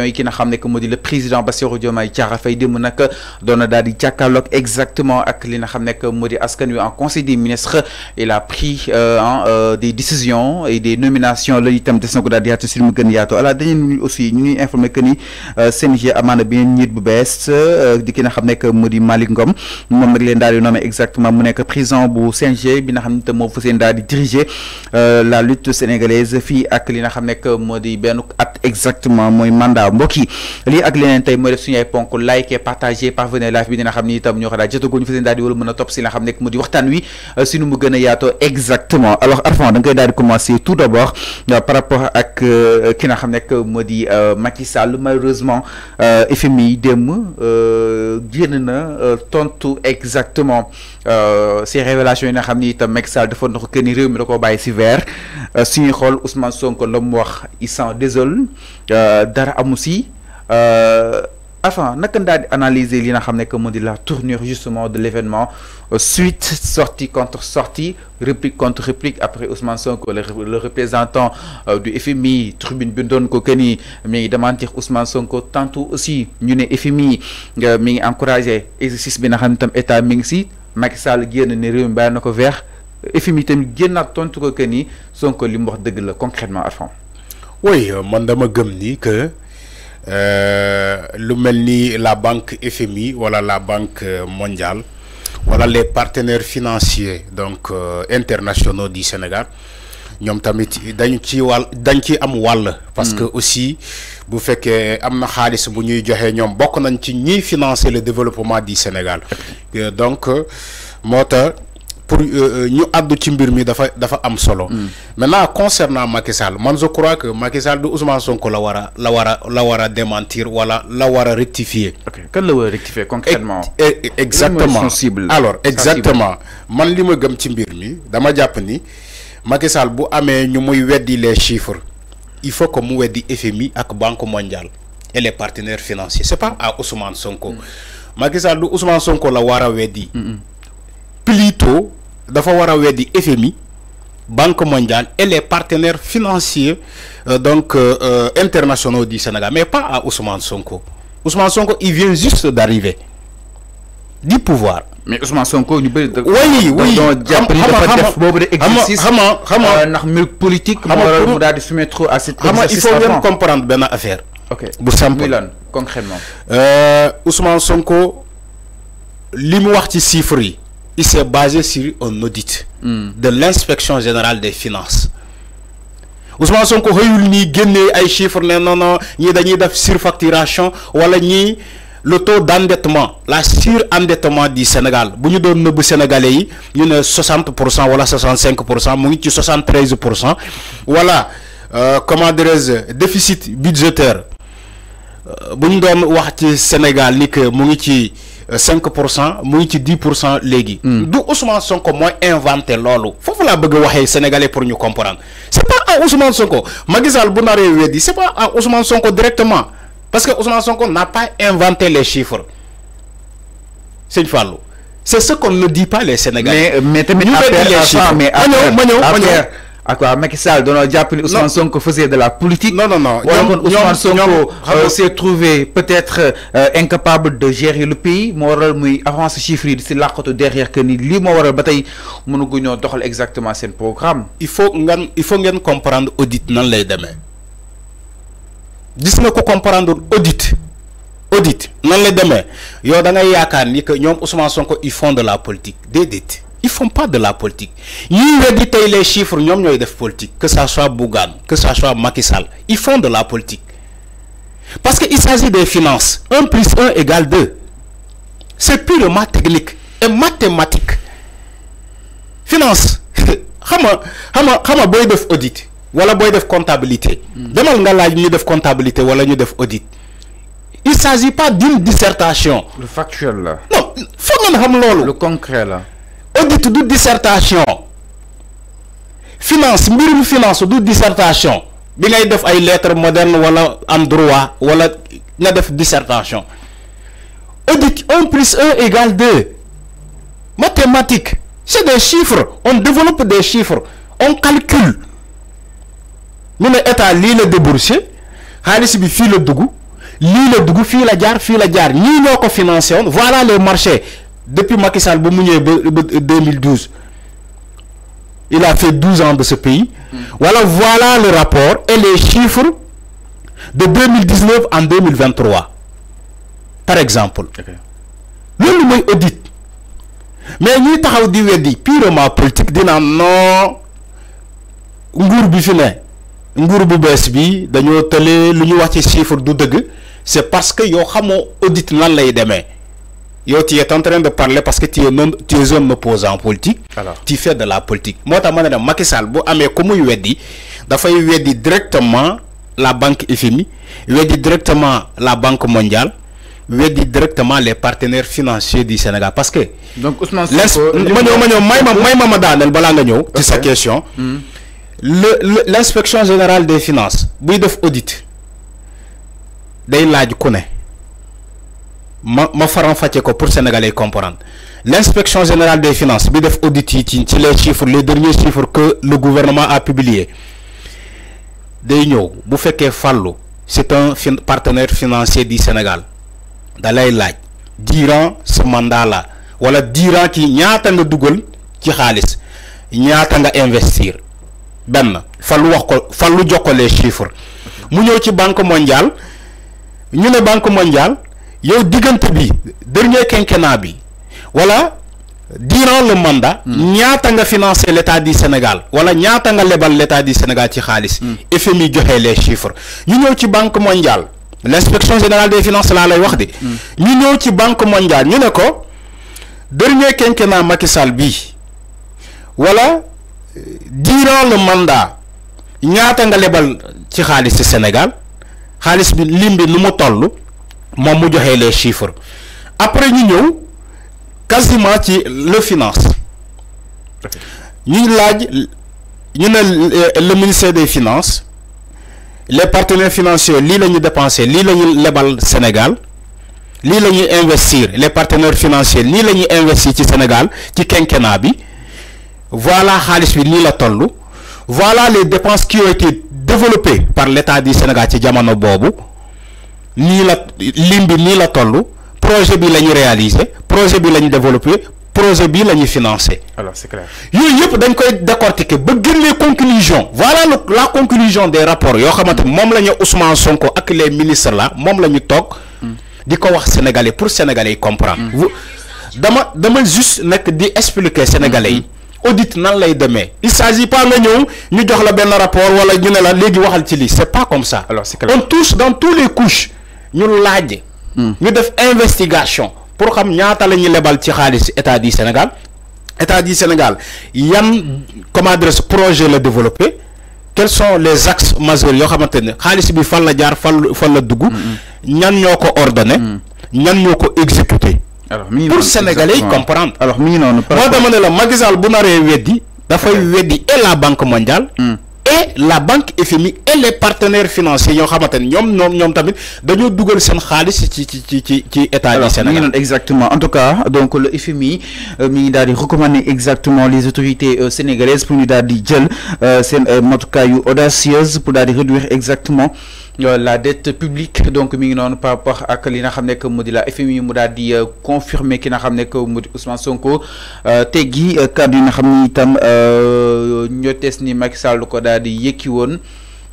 élection yi ki nga xam ne le président Bassirou Diomaye Tiara Faye dem nak doon na daal di jàkkaarloog exactement ak li nga xam ne que askan en conseil des ministres il a pris euh, hein, euh, des décisions et des nominations le itam de son ko daal di at sur mu gën à la aussi ñu ñuy informé que ni CNG euh, amaana beneen ñit bu bees di ki nga xam ne que moo Ngom mom nag leen dal di nommé exactement mu nek président bu CNG bi nga xam mo itam dal di diriger la lutte sénégalaise fi ak li nga xam ne que benn at exactement moy mandat waaw li ak leneen tay moy def suñu ay ponk like et partagé parvenez live bi dina xamni tam ñu ñoo xam guñu fi fa seen daal di wala mëna top si la xamne nekk mu di waxtaan wi euh, suñu mu gëna a exactement alors Arfan da nga koy di commencer tout d'abord euh, par rapport ak euh, ki nga xam nekk di Macky Sall malheureusement FMI dem euh na tontu exactement euh ces révélations yi nga xam ni itam Macky Sall dafa ndox kenn réew mi da ko baye ci vert suñuy xol Ousmane Sonko lam wax il s'en désole dara amul aussi euh, Enfin, nous avons analysé la tournure justement de l'événement euh, suite sortie contre sortie réplique contre réplique après Ousmane Sonko le le représentant euh, du FMI tribune Bundon Kokeni, ko que ni mi Ousmane Sonko tantôt aussi ñu FMI mi ngi encouragé exercice bi nga xam tam état mi ngi si Macky Sall génn ne réew mi bàyyi vert FMI tamit génnaat ko que Sonko concrètement à fond. oui euh, man dama ni que euh, la banque FMI voilà la banque euh, mondiale voilà les partenaires financiers donc euh, internationaux du Sénégal Ñom tamit dañu ci am parce que hmm. aussi bu fait que na bu ñuy financer le développement du Sénégal euh, donc moteur pour euh, euh, ñu addu ci mbir mi dafa dafa am solo. Mm. maintenant concernant Macky Sall man je crois que Macky Sall du Ousmane Sonko la wara la wara la wara démentir wala la wara rectifier. ok kan la wara rectifier concrètement. exactement alors exactement man li ma gëm ci mbir mi dama japp ni Macky Sall bu amé ñu muy les chiffres il faut que mu weddi FMI ak Banque mondiale et les partenaires financiers c'est pas à Ousmane Sonko. Mm. Macky Sall du Ousmane Sonko la wara a plutôt dafa war a FMI Banque mondiale et les partenaires financiers euh, donc euh, euh, internationaux du Sénégal mais pas à Ousmane Sonko Ousmane Sonko il vient juste d'arriver du pouvoir. mais Ousmane Sonko il peut être... Oui, oui. ni il def boobu de exercice xam un xam euh, politique. xam nga mu daal soumettre à cette xam il faut bien comprendre benn affaire. ok bu simple concrètement. Euh, Ousmane Sonko li mu wax ci chiffres il s'est basé sur un audit de l'inspection générale des finances Ousmane Sonko a gagné des ay chiffres non, non non ni dañuy def surfacturation wala ni le taux d'endettement la surendettement du Sénégal Si nous doon sénégalais il y a 60 voilà 65 73 voilà comment dire, déficit budgétaire Si euh, nous wax Sénégal ni que 5% 10% 10% 10%. ci hmm. Ousmane Sonko inventé sénégalais pour nous comprendre C'est pas à Ousmane Sonko pas à Ousmane Sonko directement parce que Ousmane Sonko n'a pas inventé les chiffres C'est une c' c'est ce qu'on ne dit pas les sénégalais. mais à quoi Macky Sall Donald Diapoli Ousmane Sonko faisait de la politique non non non Ousmane Sonko euh, s'est trouvé peut-être euh, incapable de gérer le pays moral waral muy avance chiffre yi si làqatu derrière que ni lui moo waral ba tey mënugu doxal exactement ce programme il faut il faut bien comprendre audit nan lay demain. Dis-moi ko comprendre audit audit nan lay demain. yo da ngay yaakaar ni que Ousmane Sonko ils font de la politique déedéet ils font pas de la politique Ils dit les chiffres ñoom de def politique que ça soit Bougan, que ça soit Macky Sall ils font de la politique parce qu'il s'agit des finances 1 plus 1 égale 2 c'est purement technique et mathématique finance comment nga xam nga xam def audit wala def comptabilité hmm. demal nga laaj comptabilité voilà ñu def audit il s'agit pas d'une dissertation le factuel là non faut xam le concret là audit de dissertation finance mbirum finance du dissertation bi ngay def ay lettre moderne wala am droit wala nga def dissertation audit 1 plus 1 égale 2. mathématiques c'est des chiffres on développe des chiffres on calcule nous état li le débourser. xaliss bi fi le dugg li le dugg fi la jaar gare la jaar ñii ñoko financer voilà le marché depuis Macky Sall 2012 il a fait 12 ans de ce pays mm. voilà voilà le rapport et les chiffres de 2019 en 2023 par exemple nous, nous audit mais nous avons dit que purement politique dina non nous bi fi ne nguur bu bees bi nous tële lu ñu chiffre c'est parce que nous audit Yo, tu es en train de parler parce que tu es, même, tu es un opposant politique. Tu fais de la politique. Moi, je suis Macky Sall, mais comme il dit, il dit directement la banque FMI, il dit directement la banque mondiale, il dit directement les partenaires financiers du Sénégal. Parce que... Donc, Ousmane Je sa question. Hmm. L'inspection générale des finances, il fait audit. Il a connaît ma ma faram ko pour sénégalais comprendre l'inspection générale des finances bi def audit ci les chiffres les derniers chiffres que le gouvernement a publié day ñew bu fekkee fallu c'est un partenaire financier du Sénégal da lay laaj durant ce mandat là wala durant ki ñaata nga duggal ci xaalis ñaata nga investir ben fallu wax ko fallu jox les chiffres mu ñew ci banque mondiale ñu banque mondiale. yow diggante bi dernier quinquennat bi wala durant le mandat hmm. ñaata nga finance l'état du Sénégal wala ñaata nga lebal l'état du Sénégal ci xaalis hmm. FMI joxe les chiffres ñu ñëw ci banque mondiale l'inspection générale des finances laa lay wax de hmm. ñu ñëw ci banque mondiale ñu ne ko dernier quinquennat Macky Sall bi wala euh, durant le ñaata nga lebal ci xaalis ci Sénégal xaalis bi lim nu mu toll moom mu joxee les chiffres après ñu ñëw quasiment ci le finance ñu laaj ñu ne le ministère des finances les partenaires financiers lii la ñu dépensé lii la ñu lebal Sénégal lii la ñuy investir les partenaires financiers lii la ñuy investir ci Sénégal ci quinquennat bi voilà xaalis bi lii la toll voilà les dépenses qui ont été développées par l'État du Sénégal ci jamono boobu ni la limbe ni la toll projet bi lañu réaliser projet bi lañu développer projet bi lañu financer. alors c'est clair yooyu yëpp dañ koy décortiquer ba génnee conclusion voilà la conclusion des rapports yo xamanté mom lañu Ousmane Sonko ak les ministres là moom la ñu toog. di ko wax sénégalais pour sénégalais comprendre comprendre. Mm. dama dama juste nekk di expliquer sénégalais mm-hmm. audit nan lay il s'agit pas nga nous ñu jox la ben rapport wala ñu ne la légui waxal ci li c'est pas comme ça. alors c'est clair on touche dans tous les couches nous laaj. Hmm. ñu def investigation pour xam ñaata la ñuy lebal ci xaalis état du Sénégal état du Sénégal yan comment adresse projet le développer quels sont les axes majeurs yoo xamante ne xaalis bi fan la jaar fan fan la dugg. Hmm, hmm. ñan ñoo ko ordonné. ñan ñoo ko exécuté. pour sénégalais comprendre. alors mi ngi noonu. moo dama ne la Macky bu naree weddi. dafay weddi et la banque mondiale et la banque FMI et les partenaires financiers ñoo ñom ñom ñom tamit dañoo seen ci exactement en tout cas donc le FMI euh, mi ngi exactement les autorités euh, sénégalaises pour ñu daldi jël euh, seen cas audacieuse pour réduire exactement la dette publique donc mi par rapport ak li la FMI mu confirmer ki Ousmane Sonko de di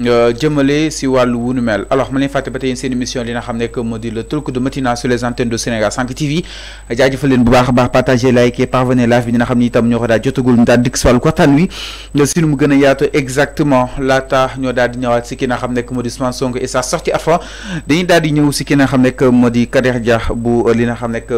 je woon euh, si walu wunu mel alors je vais fàtte ba émission li nga xamné le truc de sur les antennes de Sénégal 5 TV je bu baax baax partagé like live bi ñoo daal wi euh, a exactement ñoo daal di ñëwaat ci ki nga xamné que modi Ousmane et sa sortie que di ñëw ki que Kader bu euh, li